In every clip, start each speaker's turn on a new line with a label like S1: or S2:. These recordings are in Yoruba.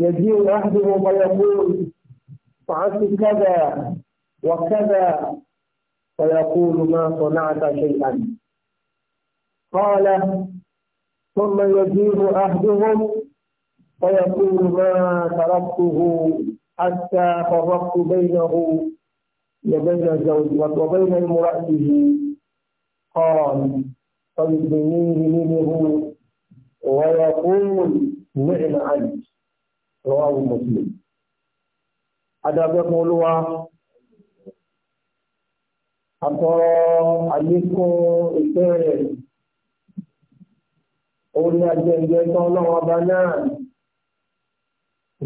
S1: يجيء أحدهم فيقول فعلت كذا وكذا فيقول ما صنعت شيئا قال ثم يجيء أحدهم فيقول ما تركته حتى فرقت بينه وبين الزوج وبين امرأته قال فاجتنيه منه ويقول نعم عنك rọwáwù mùsùlùm adájọ́ fún olúwa àtọrọ àlékún ìfẹ́ rẹ̀ òun ni ajẹ́jẹ́ tán lọ́wọ́ bá náà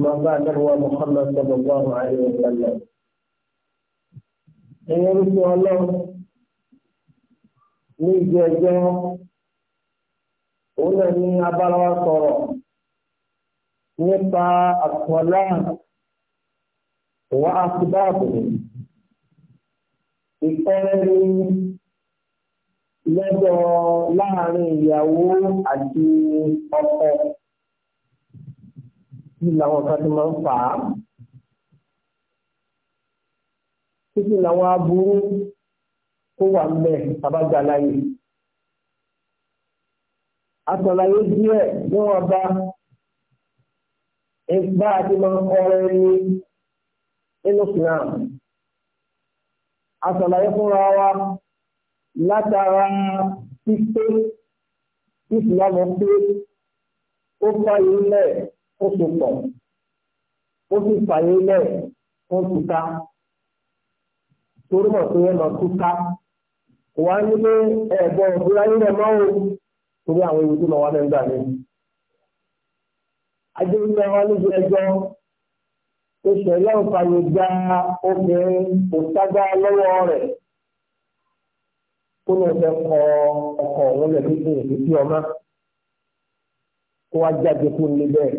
S1: máa bá adáwà Muhammad sallallahu alaihi wa sallam ẹ̀yẹ́ ń fi ọlọ́run ní ìjẹ́jọ́ òun náà ní abárawa sọ̀rọ̀ nípa àkọlá wa àkùbáàbò ìfẹ́rí lọ́dọ̀ láàrin ìyàwó àti ọkọ kí làwọn kan ti máa ń fà á títí làwọn aburú tó wà ń bẹ abájá díẹ̀ ní wọn bá bá a ti máa kọrẹ ní nínú Islam aṣàlàyé fúnra wa látara pípé Islam pé ó fàyè lẹ̀ ó so pọ̀ ó sì fàyè lẹ̀ ó túká torí mọ̀ pé ẹ lọ túká wà nílé ẹ̀gbọ́n ìbúra yín rẹ̀ mọ́ o torí àwọn ewu tó lọ wá lẹ́nu gbà lẹ́nu adébíyẹ wọn níbi ẹjọ́ tó ṣẹlẹ̀ òfààyè gba obìnrin kò ságbá lọ́wọ́ rẹ̀ kó ló fẹ́ kọ ọkọ òun lẹ̀ ní ìrìn sí ọmọ kó wá jáde kó lé bẹ́ẹ̀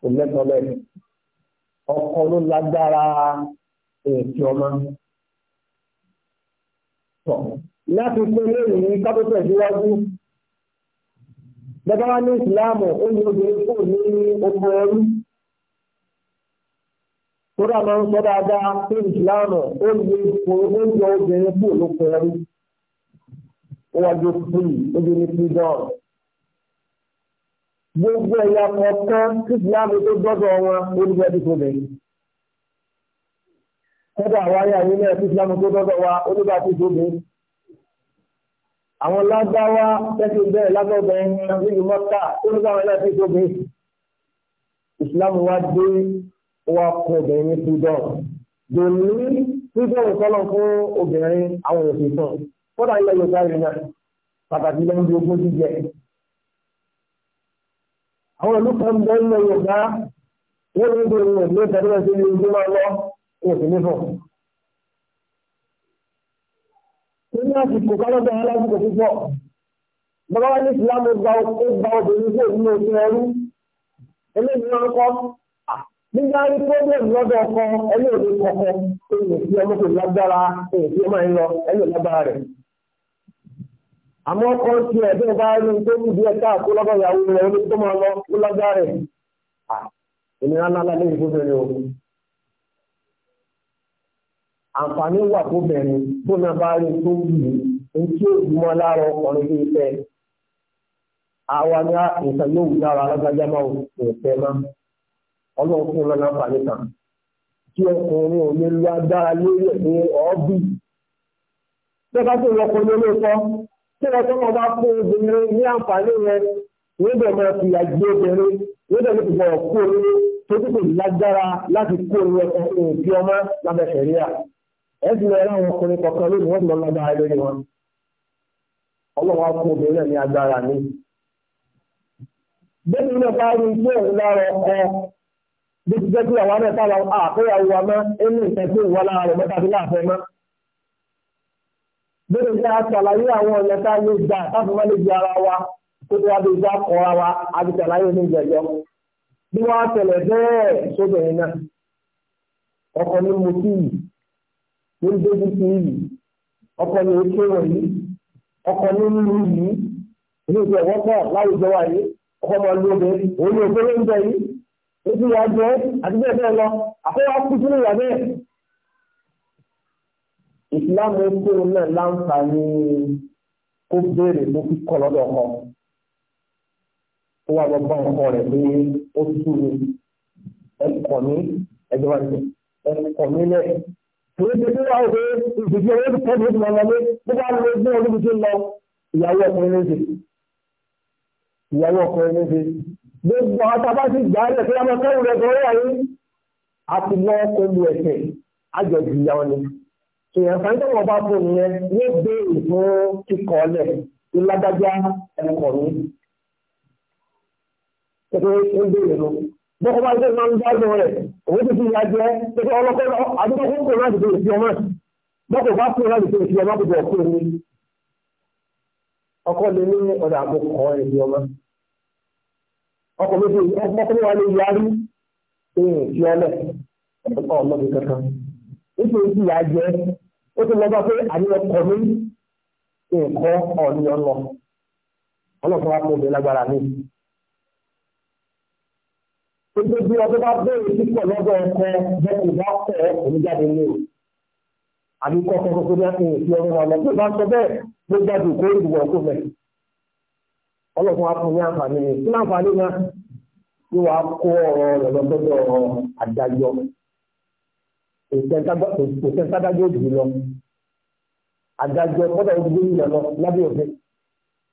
S1: kò lẹ́tọ̀ọ́ bẹ́ẹ̀ ọkọ ló lágbára èsì ọmọ. láti pé lónìí ká tó tẹ̀síwájú bẹ́ẹ̀ bá ní ìsìláàmù ó ní obìnrin kò ní oko ẹrú torí àmọ́ ń sọ dáadáa pé ìsìláàmù ó ní oko ó ní obìnrin kò lóko ẹrú ó wá jó fúlì ó jó ní freedom gbogbo ẹ̀yà kọ̀ọ̀kan tí ìsìláàmù tó gbọ́dọ̀ wọn ó ní bẹ́ẹ̀ tó bẹ̀rẹ̀ kọ́dà wáyà yín náà tí ìsìláàmù tó gbọ́dọ̀ wa ó ní bá tó bẹ̀rẹ̀ àwọn lágbáwá tẹ́sí bẹ́ẹ̀ lágbọ́bẹ̀ ẹ̀yìn mọ́ta tó ní káwọn ẹlẹ́sìn tó bí islam wá dé wá kọ obìnrin ní freedom dòní freedom sọ́nà fún obìnrin àwọn òṣèlú fún kódà ilẹ̀ yorùbá rẹ̀ náà pàtàkì lẹ́yìn bí ogún jíjẹ. àwọn ìlú kan bẹ́ ilẹ̀ yorùbá wọ́n ní ìdòwò ní ìtẹ́lẹ́sẹ̀ ní ìdúró lọ òṣèlú fún. ní àsìkò kálọ́gbà yẹn lásìkò púpọ̀ bàbá wa ní ìsìlámù gba obìnrin sí òun oṣù ẹrú eléyìí wọn kọ nígbà rí problem lọ́dọ̀ ọkọ ẹlẹ́ẹ̀dẹ́ kọ̀ọ̀kan èyí tí ọmọ kò lágbára èyí tí ọmọ yẹn lọ ẹlẹ́ẹ̀ lágbára rẹ̀ àmọ́ ọkọ ti ẹ̀ bí ọba rí tó ní ìdí ẹ̀ka àkó lọ́dọ̀ ìyàwó rẹ̀ ó ní tó máa lọ ó lágbára rẹ̀ ènìyàn náà lálẹ́ ìfúnfẹ́ ni o àǹfààní wà tó bẹ̀rẹ̀ tó náà bá rí tó wù ú tí ó gbúmọ́ lára ọkùnrin bí fẹ́ àwa ní nǹkan yóò wù lára alágbájá máa wù fẹ́ má ọlọ́run fún un lọ́nà àǹfààní kan tí ọkùnrin ò lè lo agbára lórí ẹ̀ ní ọ́ọ́bì tó bá tó lọkọ ní olóòótọ́ tí wọ́n tó bá fún obìnrin ní àǹfààní rẹ̀ níbẹ̀ máa fi àgbé obìnrin níbẹ̀ ló ti bọ̀ kó o ní torí kò lágbára láti kó o ní ọkùnrin òbí ọmọ lábẹ́ fẹ̀ríà ẹ̀sìn ẹ̀rọ àwọn ọkùnrin kọ̀ọ̀kan lónìí wọ́n ti lọ lágbára lórí wọn ọlọ́wọ́ fún obìnrin náà ní agbára ní. bẹ́ẹ̀ni náà bá rí ilé òun lára ọkọ bí ti jẹ́ pé àwọn náà táwọn àkóyàwó wa mọ́ inú ìfẹ́ tó wà lára rẹ̀ mọ́ta sí láàfẹ́ mọ́. bẹ́ẹ̀ni náà a ṣàlàyé àwọn ọ̀nà tá gbà táfi má lè di ara wa tó tó wá bí ìgbà kọ́ra wa a ti ṣàlàyé ní ìjẹ̀jọ́. bí wọ́n á tẹ̀lẹ̀ bẹ́ẹ̀ sóbìnrin náà ọkọ ní mo kí yìí ló ń dójú sí yìí ọkọ ni oké wọ̀nyí ọkọ ni nínú yìí ilé ìjọ wọ́pọ̀ láwùjọ wa yìí ọkọ máa lu obìnrin òun ni òkú lóúnjẹ yìí ojú wa jẹ àti bẹ́ẹ̀ bẹ́ẹ̀ lọ àkọ́wá kú sínú ìyá bẹ́ẹ̀. ìsìláàmù kó náà láǹfààní kó béèrè fún kíkọ́ lọ́dọ̀ ọkọ ó wà lọ bá ọkọ rẹ̀ pé ó tú mi ẹ̀kọ́ mi ẹ̀jọ̀ wa ẹ̀kọ́ mi lẹ́yìn. Torí pé bí wọ́n ṣe ìṣèjì owó tó tẹ́lẹ̀ ìgbìmọ̀ lọ lé, bí wọ́n lè gbé olúbi tó lọ, ìyàwó ọkùnrin ló ṣe. Ìyàwó ọkùnrin ló ṣe. Gbogbo àwọn tá a bá ti gbà á lẹ̀ kí wọ́n kẹ́rù rẹ̀ bọ́kọ̀ bá jẹ́ máa ń dájọ́ rẹ̀ òun ti fi ìyá jẹ́ pẹ̀lú ọlọ́kọ́ àdúgbò fún kò láti tó ìfi ọmọ bọ́kọ̀ bá fún láti tó ìfi ọmọ gbogbo ọ̀kọ́ ni ọkọ lè ní ọ̀dà àkókò ìfi ọmọ ọkọ̀ méjì ọkọ̀ wa lè yarí èèyàn fi ọlẹ̀ ọ̀pọ̀ ọlọ́bì kankan nítorí ti ìyá jẹ́ ó ti lọ bá pé àní ọkọ̀ mi nǹkan ọ̀nì ọlọ́ ọlọ́kọ̀ wa kò dé lágbára mi gbogbo ọdún bá bẹ̀rẹ̀ pípọ̀ lọ́dọ̀ ọkọ bẹ́ẹ̀ bá kọ̀ oníjáde ní o. àbí kọ́kọ́ kọ́kọ́ bí wọ́n fi ọrùn wọn lọ tó bá ń sọ bẹ́ẹ̀ ló gbàdùn kó ìdìbò ọkọ mẹ́. ọlọ́run wa fún ní àǹfààní ni kí láǹfààní náà yóò wá kó ọ̀rọ̀ rẹ̀ lọ́dọ̀ adájọ́ òṣèǹtadájọ́ òdìbò lọ adájọ́ kọ́dọ̀ òdìbò yìí lọ lábẹ́ òfin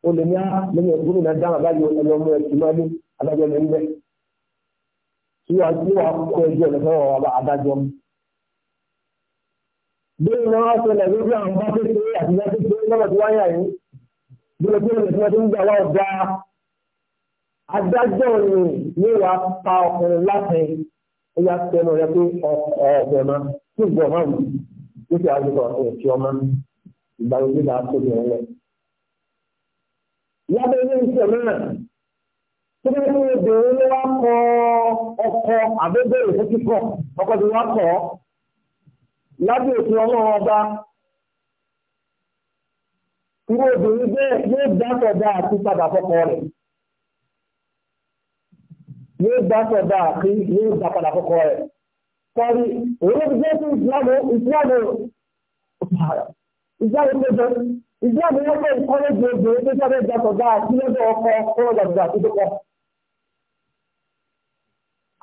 S1: olè ní ah, gómìnà dáhùn àbáyọ ẹlọmọ ẹtùmọ́lé adájọ́ lẹ́yìn bẹ́ẹ̀ tí wàá tí wàá kó ẹjọ́ rẹ̀ fọwọ́ ọba adájọ́. bí iná wá ṣẹlẹ̀ lórí àwọn bá kékeré àti bá kékeré lọ́wọ́ tí wáyà yìí bí o tí o lè fi ọdún gbà wá ọ̀dà adájọ́ rẹ̀ ní wàá pa ọkùnrin láti ẹ̀yà tẹnu rẹ̀ pé ọ̀ọ̀bẹ̀ máa tí ìgbọ̀ máa wù ní kí àwọn ọ̀sẹ̀ tí ọmọ ìgbàlódé náà tóbi rẹ̀ lẹ̀. lábẹ́ ilé iṣẹ́ náà tó bí wọ́n obìnrin ló wá kọ ọkọ àbẹ́bẹ̀rẹ̀ fún kíkọ ọkọ tí wọ́n kọ lábẹ́ òfin ọlọ́run ọba irú obìnrin bẹ́ẹ̀ yóò dátọ̀dá àti padà fọ́kọ rẹ̀ yóò dátọ̀dá àti yóò dá padà fọ́kọ rẹ̀ sọ́rí òun ló fi jẹ́ sí ìsìlámù ìsìlámù ìsìlámù ìgbẹ́jọ́ ìsìlámù wọ́n fẹ́ ìkọ́lẹ́jì obìnrin tó sábẹ́ dátọ̀dá àti lọ́dọ̀ ọkọ kọ́lọ́dọ̀ àti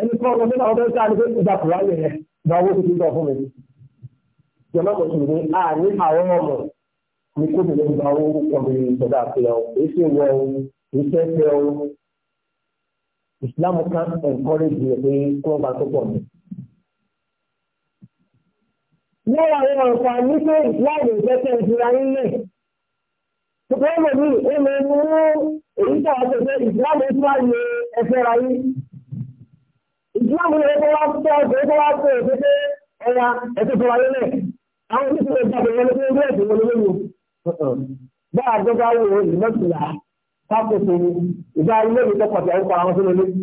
S1: ẹni tí wọ́n lọ nínú ọdún sáà ní pé ìgbà kùrá lè rẹ̀ gba owó tuntun tó fún mi. Jọba kò sùn ní àní àwọn ọmọ ní kóbìnrin ń gba owó ọmọbìnrin ìjọba àfihàn o, èyí sì wọ o, èyí fẹ́ fẹ́ o. Ìsìlámù kan encourage rẹ̀ pé kí wọ́n gba tó pọ̀ mi. Lọ́wọ́ àwọn ọ̀pá ní pé ìsìlámù ìfẹ́fẹ́ ìfura nílẹ̀. Ṣùgbọ́n mo ní èmi mú èyí tó àwọn ọ̀pẹ̀ ìsìlámù ìfura yẹ ẹ̀fẹ́ ra yín ìsìláàmù ni ẹgbẹ́ wá púpọ̀ ẹgbẹ́ wá pé òkété ẹ̀yà ẹ̀tọ́ tó wáyé lẹ̀ àwọn oníṣẹ́ lè jáde wọn lórí ẹgbẹ́ ẹ̀sìn wọn lórí bá a gbọ́dọ̀ àwọn ohun ìmọ̀tìlá sáfòfò ìgbà ilé ìtọ́ pàtàkì àwọn àwọn tó lélẹ̀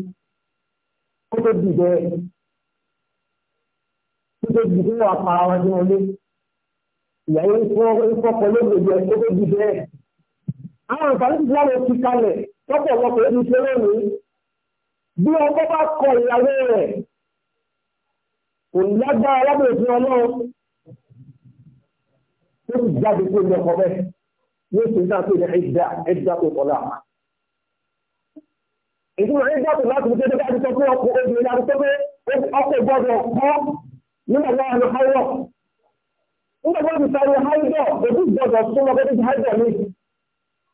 S1: kó tó dì bẹ́ẹ̀ kó tó dì bẹ́ẹ̀ wà pa àwọn tó lélẹ̀ ìyàwó ìfọkọ̀ lóògùn jẹ kó tó dì bẹ́ẹ̀ àwọn ìfàlẹ́ ìsìláàmù ti kalẹ̀ lọ́pọ̀lọpọ̀ bí ọkọ bá kọ ìyàwó rẹ̀ kò lágbára lábẹ́ òfin ọlọ́run tó sì jáde tó lọ ọkọ bẹ́ẹ̀ ní oṣù náà tó yẹ ẹ̀dá ẹ̀dá tó tọ́lá. ìdúró ẹ̀dá tó láti fi dédé láti sọ pé ọkọ obìnrin láti sọ pé ọkọ gbọ́dọ̀ kọ́ nígbà náà ló háyọ̀. nígbà náà ló sáré háyọ̀ òbí gbọ́dọ̀ súnmọ́ pé ti háyọ̀ ní.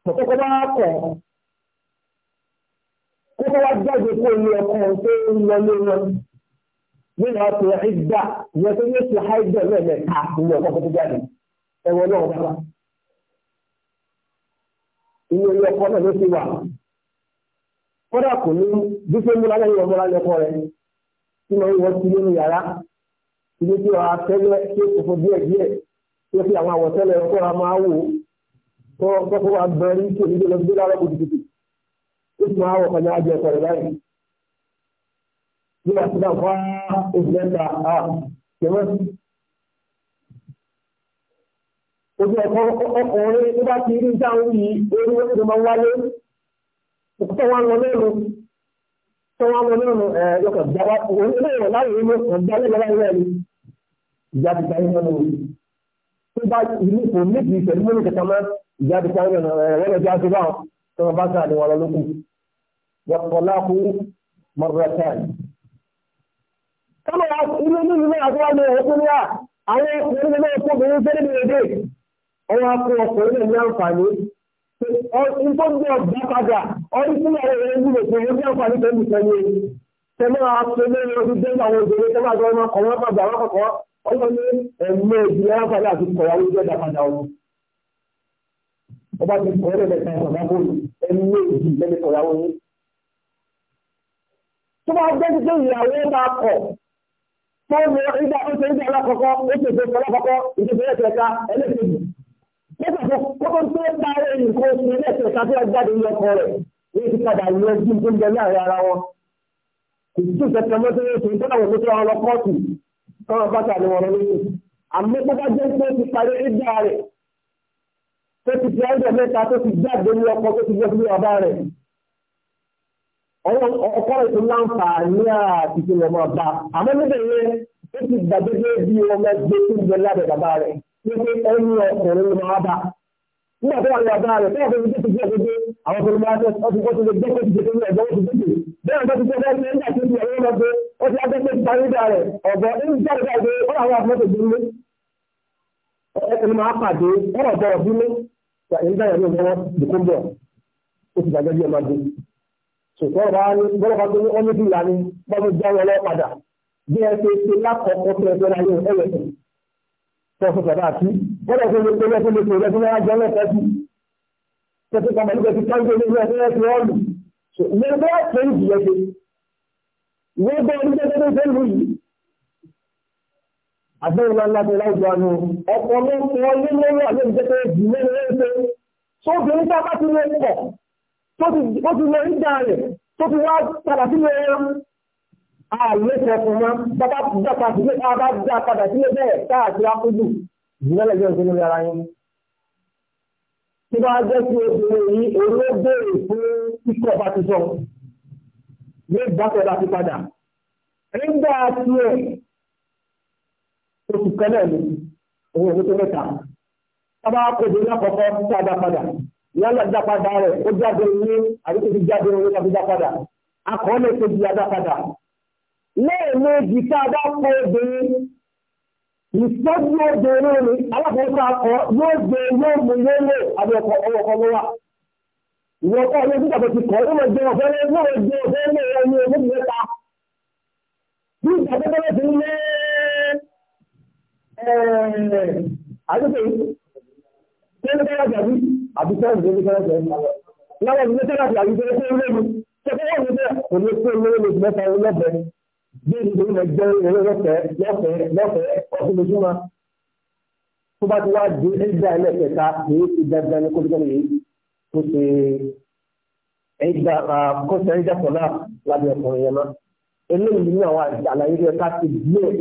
S1: ọ̀kọ́kọ́ bá kọ̀ kó wá jáde kó ní ọkùnrin tó ń lọ lé wọn nínú ọtí ìgbà ìyẹn tó ní ti haidọ lẹ́ẹ̀mẹ́ta nínú ọkọ̀ tó jáde ẹ̀wọ̀n náà wá. inú ilé ọkọ̀ náà ló ti wà kódà kò ní bí ṣe múra lẹ́yìn ọmọlá lẹ́kọ̀ọ́ rẹ̀ tí wọ́n wọ́n ti nínú yàrá ilé tí wọ́n tẹ́lẹ̀ tí ó fò díẹ̀ díẹ̀ tí ó fi àwọn àwọ̀tẹ́lẹ̀ ọkọ̀ máa wò tó tó fún wa bẹ̀rẹ̀ ní kò ní lọ sí lára kùtùkùtù ó sì máa wọ̀ kọjá ajé ọkọ̀ rẹ̀ báyìí. Nígbà tí náà fún oṣù mẹ́ta à tẹ̀wẹ́. Ojú ọkọ̀ ọkùnrin tó bá ti rí sáwọn yìí orí wọ́n ti máa ń wáyé. Òkúta wa ń lọ lẹ́nu. Tó wá lọ lẹ́nu ẹ̀ yọkọ̀ ìjàmbá òun ilé ìwọ̀n láyé ilé ọ̀gbá lẹ́gbẹ̀ẹ́ láyé rẹ̀ ni. Ìjà ti ta ìyẹn lọ. Tó bá ìlú kò ní ìpèsè ní mọ́nì kẹta mọ́ ìjà ti ta ìyẹn lọ. Ẹ̀rọ والطلاق مرتان kọ́lọ̀ ilé nínú náà tó wá ní ẹ̀kún ní àwọn ọkùnrin náà tó bèèrè jẹ́rẹ̀ bèèrè ọwọ́ akún ọkùnrin náà ní àǹfààní tó ń bí ọgbà padà ọdún tí àwọn èèyàn ń lò pé ó ní àǹfààní tó ń bì sẹ́yìn tẹ́lẹ̀ àpò lẹ́yìn ọdún jẹ́ àwọn obìnrin tó máa gbọ́n kọ̀ wọ́n padà wọ́n kọ̀kọ́ ọlọ́ ní ẹ̀mọ́ ìdílé àǹfààní tó bá jẹ́ títí ìyàwó máa kọ̀ tó ń lọ ìgbà ó ìgbà alákọ̀ọ́kọ́ ó ìgbà alákọ̀ọ́kọ́ ìṣèṣe ẹ̀kẹta ẹlẹ́kẹ̀ẹ́jì lọ́sọ̀tọ̀ kókó tó ń ta ẹ̀yìn kó ṣe ẹlẹ́kẹ̀ẹ́ta tó ń jáde ní ọkọ rẹ̀ ní ti padà yọ ojú tó ń bẹ láàrin ara wọn kò sí ìṣẹ̀tẹ̀ mọ́tò ní náà wọ́n ọkọ ètò láǹfààní àti tí wọn máa bá àmọ́ níbẹ̀ yẹn ó ti gbàgbé bí ọmọ ẹgbẹ́ tó ń bẹ lábẹ́ bàbá rẹ̀ wípé ẹni ọkùnrin ló máa bá nígbà tó wà ní bàbá rẹ̀ tó wà fún ìdíje gbogbo àwọn tó máa tẹ ọtí wọ́n ti lè gbé kóòtù tó ní ẹ̀gbọ́n tó dìde bẹ́ẹ̀ bá ti gbé bẹ́ẹ̀ nígbà tó ti ọ̀rẹ́ lọ́gbẹ́ ó ti lágbẹ́ pé parídà rẹ̀ ọ̀bọ̀ ẹni jáde jáde ó làwọn àfọ́tò dúró ẹni máa pàdé ọ̀rọ̀ bọ̀rọ̀ dúró ìgbà yẹn ní ọmọ ìdíkúnbọ̀ ó ti gbàgbé bí ọmọ dúró ṣùgbọ́n bá ní bọ́lọ́pàá tó ní wọ́n níbi ìlà ni bọ́lọ́ já wọn lọ padà bí ẹ ṣe ṣe lákọ̀ọ́kọ́ tó ẹgbẹ́ láyé ẹ̀rẹ̀ tó fọ́ sọ̀dá àti bọ́lọ̀ tó ní pé lẹ́sẹ̀ lè pè lẹ́sẹ̀ náà jẹ́ lẹ́sẹ̀ sí tẹ́sí kan pẹ̀lú pẹ̀lú káńtó ní ilé ẹ̀sẹ̀ wọ́n lù ṣùgbọ́n bá ṣe ń jìyẹ ṣe ìwé bẹ́ẹ̀ ní tẹ́tẹ́ tó ṣe lù yìí àbẹ́rẹ́ ńlá ti láwùjọ àánú ọ̀pọ̀lọpọ̀ nínú àwọn ìjẹ́tẹ́ jù mẹ́rin ẹ̀ṣẹ́ sóbìnrin tá a bá ti lè pọ̀ tó ti lọ ìdá rẹ̀ tó ti wá padà sílé ẹran ààrẹ tẹkùn mọ́ bàbá dá padà sílé bàbá dá padà sílé bẹ́ẹ̀ káàkiri akójú ìgbẹ́lẹ̀ jẹ́ òṣèlú ara yín. tí wọ́n á jẹ́ sí obìnrin yìí olóògbèrè fún kíkọ́ bá ti sọ ní ìbáṣẹ́ bá ti padà nígbà tí ẹ̀ oṣù kan náà ni òun ò ní tó mẹ́ta. bàbá kò dé lákọ̀ọ́kọ́ tí a dá padà wọ́n lọ dápadà rẹ̀ ó jáde ní àdúgbò ti jáde ní ọjọ́ dápadà akọọ́lẹ̀ tó adápadà. lẹ́ẹ̀mejì tá a bá kọ obìnrin ìtọ́jú obìnrin ni alákòóso akọ yóò gbé yóò mú yóò lè abẹ́ọkọ ọwọ́ ọkọ ló wà. ìwọ ọkọ ọdún tó dàbẹ̀ ti ó lọ jẹ ọ̀fẹ́ lé ó lọ jẹ ọ̀fẹ́ lé ẹni ogójì mẹ́ta. bí ìgbàgbọ́dọ̀ ti lé ẹ̀ẹ́dẹ́gbẹ̀rún tẹ́lẹ̀ àbí sẹ́yìn tó ní kẹ́rẹ́ tẹ̀ ẹ́ lọ́wọ́ mi ní sẹ́yìn àti àyíké tó ń lé mi tẹ́kọ̀ wọ́n mi bẹ́ẹ̀ kò ní kó lórí mi mẹ́ta ní lọ́bẹ̀ bí ìdílé mi jẹ́ eré lọ́fẹ̀ẹ́ lọ́fẹ̀ẹ́ lọ́fẹ̀ẹ́ ọ̀sùn lójúmọ́ tó bá ti wá di ẹgbẹ́ ẹlẹ́kẹta èyí ti dandan ní kókó yìí tó ṣe ẹgbẹ́ kọ́sẹ̀ ẹgbẹ́ pọ̀ náà lábẹ́ ọkùnrin yẹn náà eléyìí ní àwọn àlàyé rẹ̀ ká ti díẹ̀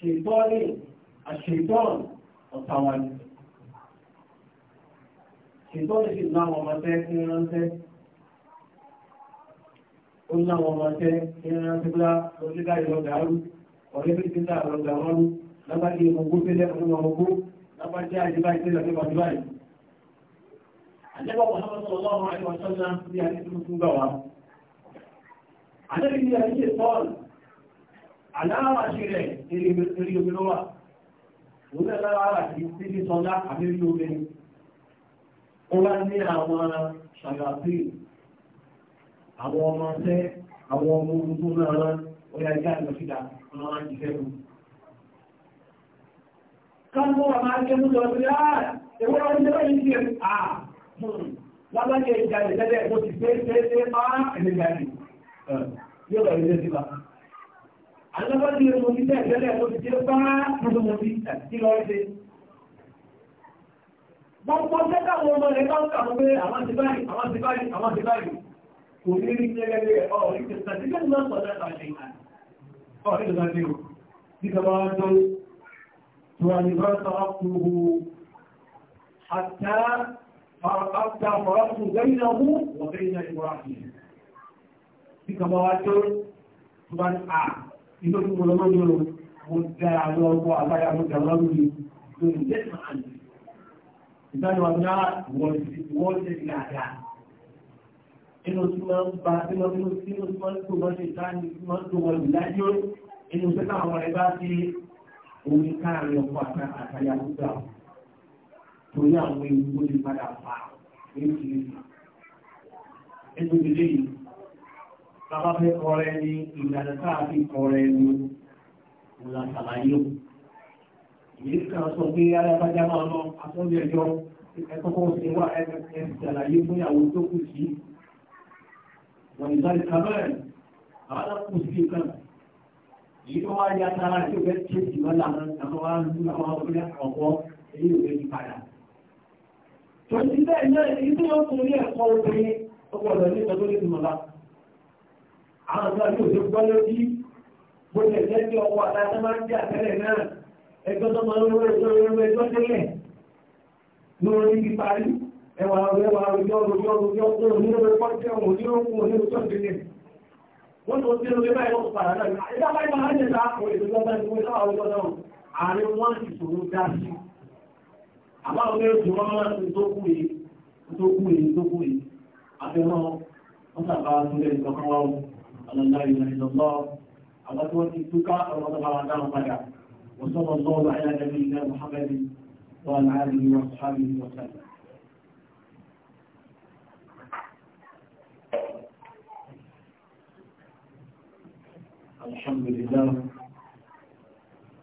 S1: ṣètọ́lì àṣetọ́n ọ̀tàwọn ni ṣètọ́lì sì láwọn ọmọdé kí ránṣẹ́ ó láwọn ọmọdé kí ránṣẹ́ bá oníkà ìlọ́gàárù ọ̀rẹ́ bí títà ìlọ́gàárù lábàdí ogún tẹ́lẹ̀ ọdún ogún lábàdí àjíbá ìtẹ́lẹ̀ ọdún ọdún báyìí Àjẹ́bọ̀ Mọ̀hámọ́sọ̀ ọlọ́run àríwọ̀sọ́lá ní àdínkù fún gbà wá. Àjẹ́bí ni àríṣẹ́ sọ́ọ̀lù aláàràṣì rẹ̀ eré omi ló wà òun náà aláàràṣì sí ní sọlá àbẹ́rí omi ó wá ní àwọn ṣàyàfí àwọn ọmọ ṣẹ́ àwọn ọmọ ogun tó náà rán orí ajá ìlọsíta ọmọ wọn ti fẹ́ fún káàkó wà máa jẹ́ múlò ọdún láàá ewé ọdún lọ́wọ́ yìí ṣe àà lábájẹ́ ìjà ìjẹ́lẹ̀ mo ti fẹ́ fẹ́ fẹ́ máa ẹ̀lẹ́gbẹ̀ẹ́ yóò lọ ilé sí alábọ́dé mo ti tẹ́ ìtẹ́lẹ̀ tó ti jẹ́ bá gbogbo mo ti kí lọ ṣe. gbogbo sẹ́kà àwọn ọmọ rẹ̀ bá ń kàwọn pé àwọn ti báyìí àwọn ti báyìí àwọn ti báyìí kò ní rí tẹ́lẹ̀ ọ̀ orí ti sàtí kí ló ń sọ lẹ́ta ṣe ìhàn. ọ̀ ní ìdọ̀dá dé o bí kaba wá tó tó wà ní bá sọ ọkùnrin àtà àtà ọ̀rọ̀kùn gẹ́yìn náà mú wọ́n gẹ́yìn náà ìwọ́n àfihàn. bí kaba wá tó tó bá ní à inú tí mo lọ mọ́ nínú mo dára lọ ọkọ̀ àbáyá mo dà lọ́rùn mi lórí lẹ́sàn án ìdájọ́ ọ̀dá wọ́n ṣe dáadáa inú tí wọ́n ń ba inú tí wọ́n tí wọ́n ń tó wọ́n ṣe dá ní tí wọ́n ń tó wọ́n lájọ́ inú tí àwọn ẹ̀ bá ṣe bàbá fẹ́ kọrẹ ní ìlànà káàkiri kọrẹ ní ìlàsàlàyò ìyẹ́ kan sọ pé alábájá máa lọ àtọ́jú ẹjọ́ ẹkọ́kọ́ sí wá ẹ̀sàlàyé fún ìyàwó tó kù sí wọ̀n ìdárí kamẹ́rẹ̀ àwọn kù sí kan èyí tó wá yá tara tí ó fẹ́ tí ó sì wọ́n lànà àwọn wá ń lú àwọn ọkùnrin àkọ́kọ́ èyí ò fẹ́ yí padà. tòun ti bẹ́ẹ̀ náà èyí tó yọ àwọn ọ̀gá yóò ṣe gbọ́ lójú bó lè jẹ́ kí ọwọ́ àtàtà máa ń jẹ́ àtẹ́lẹ̀ náà ẹjọ́ tó máa ń lọ ẹjọ́ lórí ẹjọ́ tẹ́lẹ̀ lórí ti parí ẹwà ẹwà ọjọ́ ọjọ́ ọjọ́ tó ní lórí pọ́ńtì ọ̀hún ní òkú ní òjọ́ tẹ́lẹ̀ wọ́n tó ti lórí báyìí wọ́n padà náà ẹjọ́ báyìí máa ń jẹ́ láàpọ̀ ìdójọ́ bá ní wọ́n sáwà ọjọ́ náà àárín wọn sì ṣòro dá sí àbáwọn mẹ́rin tó wọ́n máa ń على لا إله إلا الله على قوة التقى وضع على الرجاء وصلى الله على نبينا محمد وعلى آله وأصحابه وسلم الحمد لله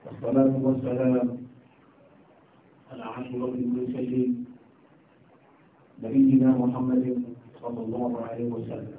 S1: والصلاة والسلام على عشرة المرسلين نبينا محمد صلى الله عليه وسلم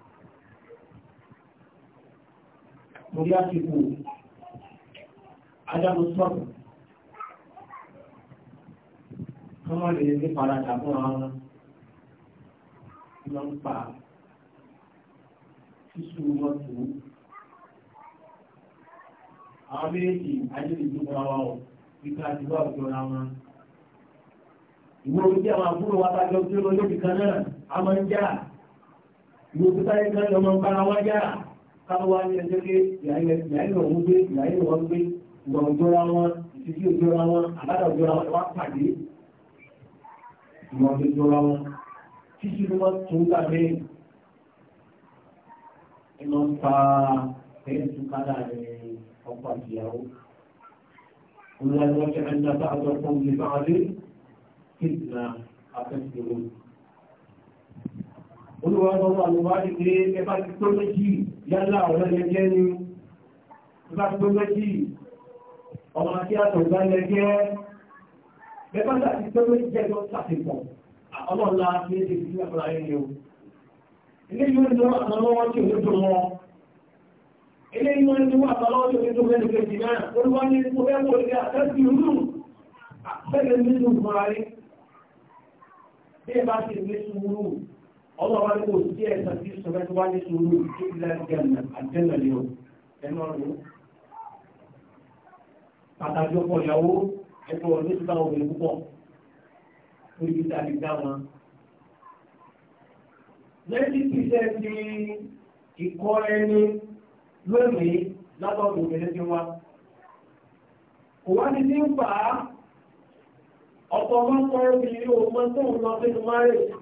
S1: lórí àsìkò adágún sọ́ọ̀tù wọ́n má lè ní paradà fún ara wọn wọ́n ń pa sísú wọn tó àwọn méjèèjì ajẹ́lẹ̀dúgbọ́ra wa ọ̀ nípa àdúgbò àwùjọra wọn ìwé orí tí àwọn àbúrò wa bá jọ gbé lọ lóbi kan náà a máa ń já ìwé òkúta yẹn kan lọ máa ń bára wọn já káwá ní ẹjọ́ pé ìyáyìn ọ̀hún gbé ìyáyìn ọ̀hún gbé ìwọ̀n òjòra wọn ìtìjú òjòra wọn àbádà òjòra wọn wá pàdé ìwọ̀n òjòra wọn títí ló wọ́n tún gbà mí ẹ lọ fa ẹ̀yìn tún kálá rẹ̀ ọkọ̀ àtìyàwó. Olùwàlúwàjẹ́ ẹ̀ńdà bá àjọ fún mi bá wọlé kí ìgbà afẹ́sẹ̀ lónìí olúwọ́gbọ́wọ́ àlúwárí pé ẹbá ti tó méjì yálà ọ̀rẹ́ lẹ́gẹ́ ni ẹbá ti tó méjì ọmọ kí a tọ̀gbá lẹ́gẹ́ ẹbá ti tó méjì jẹ́jọ́ sàtìpọ̀ ọlọ́ọ̀lá ní èdè sí àpàrà ẹni o ilé yóò ní wọ́n àtàlọ́wọ́ tí ò ní dùn wọn ilé yóò ní wọ́n àtàlọ́wọ́ tí ò ní dùn lẹ́nu kejì náà olúwa ní ipò ẹ̀kọ́ ilé àtẹ́sí rú ọlọ́wọ́ ní kò sí ẹ̀sán tí sọ̀rọ̀ tó wá ní sùúrù tó ti láti gẹ̀ẹ́nà àjẹ́nà ni ó ẹnu ọ̀rọ̀ pàtàkì ọkọ̀ ìyàwó ẹgbẹ́ ọ̀rọ̀ ló ti bá obìnrin púpọ̀ lórí ibi tàbí dá wọn. lẹ́yìn tí iṣẹ́ ti ìkọ́ ẹni lónìí látọ̀dọ̀ obìnrin ti wá. kò wá ní sí ń fà á ọ̀pọ̀ ọmọ kan obìnrin ò mọ tó ń lọ sínú márùn-ún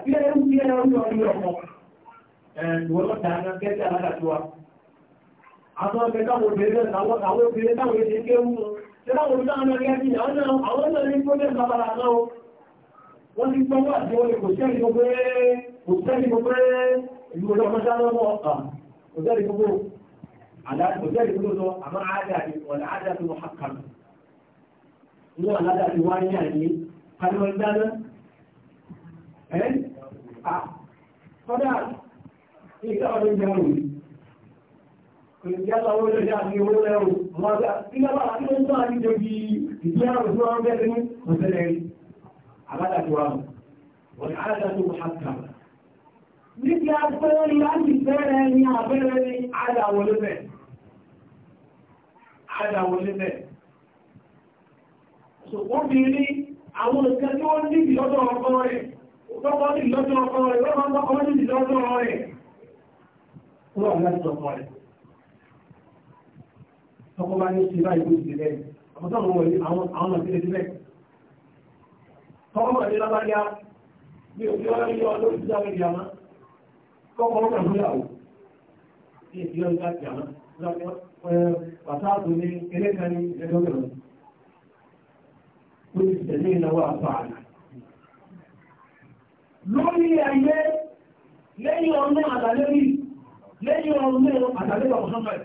S1: àbí ẹ̀rọ ń fi ẹ̀rọ ń lọ ní ọmọ ẹ̀ẹ́dùn ọlọ́ta náà gẹ́gẹ́ aládàtúwa àwọn ọ̀gẹ́gẹ́ àwọn obìnrin táwọn àwọn obìnrin táwọn èdè ké wú tẹ́láwọn olùdáwọn náà gẹ́gẹ́ ní àwọn náà àwọn náà ní kó lẹ́nu babara náà wọ́n ti gbọ́ wà tí wọ́n lè kò sẹ́ni gbogbo kò sẹ́ni gbogbo ìlú ọlọ́mọdá lọ́wọ́ ọ̀kà kò sẹ́ni gbogbo àdáàdì kò sẹ́ni gbogbo sọ Kọ́dá, ìgbà ọdún jẹun rí. Kò ní jẹ́ àwọn olóòjá àti owó lẹ́rù, wọ́n gbá, ìgbàlá àti ó ń tọ́ àti jẹ́ bí ìgbé àrùn tó rán bẹ́ẹ̀ ní òṣèlẹ̀ rí. Àbádà tó wà mọ̀, wọ́n ni àádá tó wà hàtà tọ́kọ́ bá ní ṣe báyìí kó lẹ́yìn àmọ́tọ́ àwọn wọ̀nyí àwọn àwọn àti ẹ̀sìn lẹ́yìn tọ́kọ́ bá ní lábáyá bí òbí ọ̀rẹ́ yọ lórí ìjà rẹ̀ yàmá tọ́kọ́ bá ní ìyàwó ní ìdí ní ẹlẹ́kàní ẹgbẹ̀rún Kúrò lórí ayé lẹ́yìn ọdún àtàlẹ́rí lẹ́yìn ọdún àtàlẹ́rí ọ̀sánfẹ́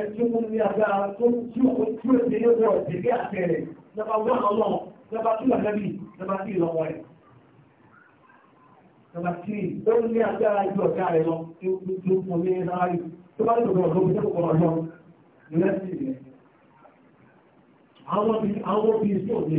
S1: ẹ̀sùn mú ní àgbà tó tí ó tí ó ti léwọ́ ìdílé àtẹ̀rẹ̀ lọ́pàá wọ́n ọlọ́run lọ́pàá tí lọ́pàá lọ́pàá tí lọ́wọ́ rẹ̀ lọ́pàá tí ó ní agbára ìjọ ọ̀gá rẹ̀ lọ tí ó fún ní sáárì tó bá lọ́pàá lọ́pàá tó kọ̀ ọ̀lọ́ lẹ́sìn rẹ̀ àwọn obìnrin sí òde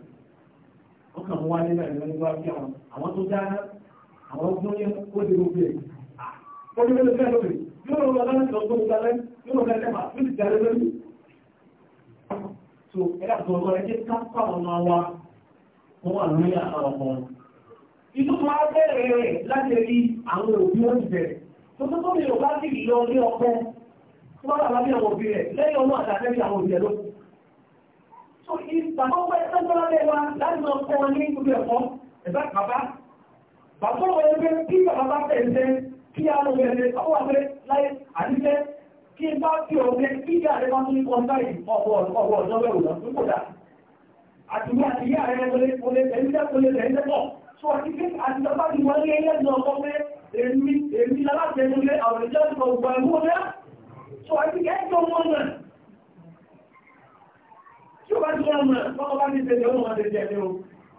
S1: ó kàn wá nílẹ̀ ìlú nígbà tí àwọn àwọn tó dáná àwọn ọgbọ́n yẹn ó di gbogbo ẹ̀. ó ní lórí yóò lọ lọ́nà tó gbogbo lálẹ́ yóò lọ lẹ́mà tó ti darí lórí. so ẹ̀ka tó lọ ẹjẹ́ ká pàwọn máa wá wà lórí àwọn ọmọ wọn. ìlú máa bẹ̀rẹ̀ rẹ̀ láti rí àwọn òbí wọn ti bẹ̀rẹ̀. tó tó tó mi ò bá sì lọ ní ọkọ tó bá wà lábẹ́ àwọn òbí rẹ̀ lẹ́yìn ọmọ àtàkẹ́ ìpàkọ́wọ́ ẹ̀sẹ́gbọ́lẹ́ wa láti lọ kọ́ wọn ní ìpínlẹ̀ ẹ̀kọ́ ẹ̀sá bàbá bàbá wọn ẹgbẹ́ kí bàbá bá tẹ̀sẹ̀ kí a lọ bẹ̀rẹ̀ ọwọ́ abẹ́rẹ́ láyé àníṣẹ́ kí n bá fi ọ̀gbẹ́ kí ìyá rẹ̀ máa tún ní kọ́ńtà yìí ọ̀pọ̀ ọ̀pọ̀ ọ̀dọ́ bẹ̀rù lọ sí kódà àtúnyà àti ìyá rẹ̀ wọlé wọlé tẹ̀síṣẹ́ wọlé tẹ̀síṣẹ́ pọ̀ sọ àti pé àti bàbá ti wọlé ilé ìlú ọkọ pé èmi èmi láláṣẹ nílé àwọn ìjọba ìgbà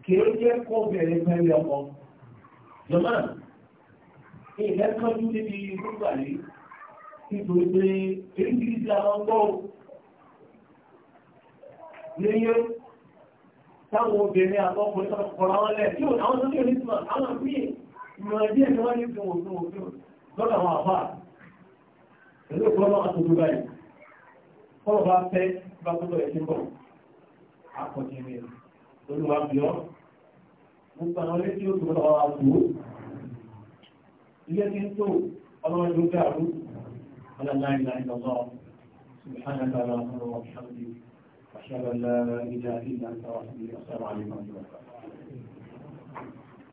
S1: tí jẹ́ kó bẹ̀rẹ̀ pẹ̀lú ọkọ jọmọ́ ilẹ̀ kanjú níbi rúgbà yìí nítorí pé èyí ti àwọn gbọ́ níyó táwọn obìnrin àtọkùnrin kọ̀ọ̀rọ̀ wọn lẹ̀ tí àwọn tó ní onísìmọ̀ àwọn àwọn àbá pẹ̀lú akọ̀jẹ̀rẹ̀ olúwa bíọ́ gbogbo àwọn ilé tí ó tó lọ́wọ́ àpò ilé tí ń tó ọlọ́wọ́ tó dàrú ọlọ́láìlá ìlọ́lọ́ سبحانك اللهم وبحمدك أشهد أن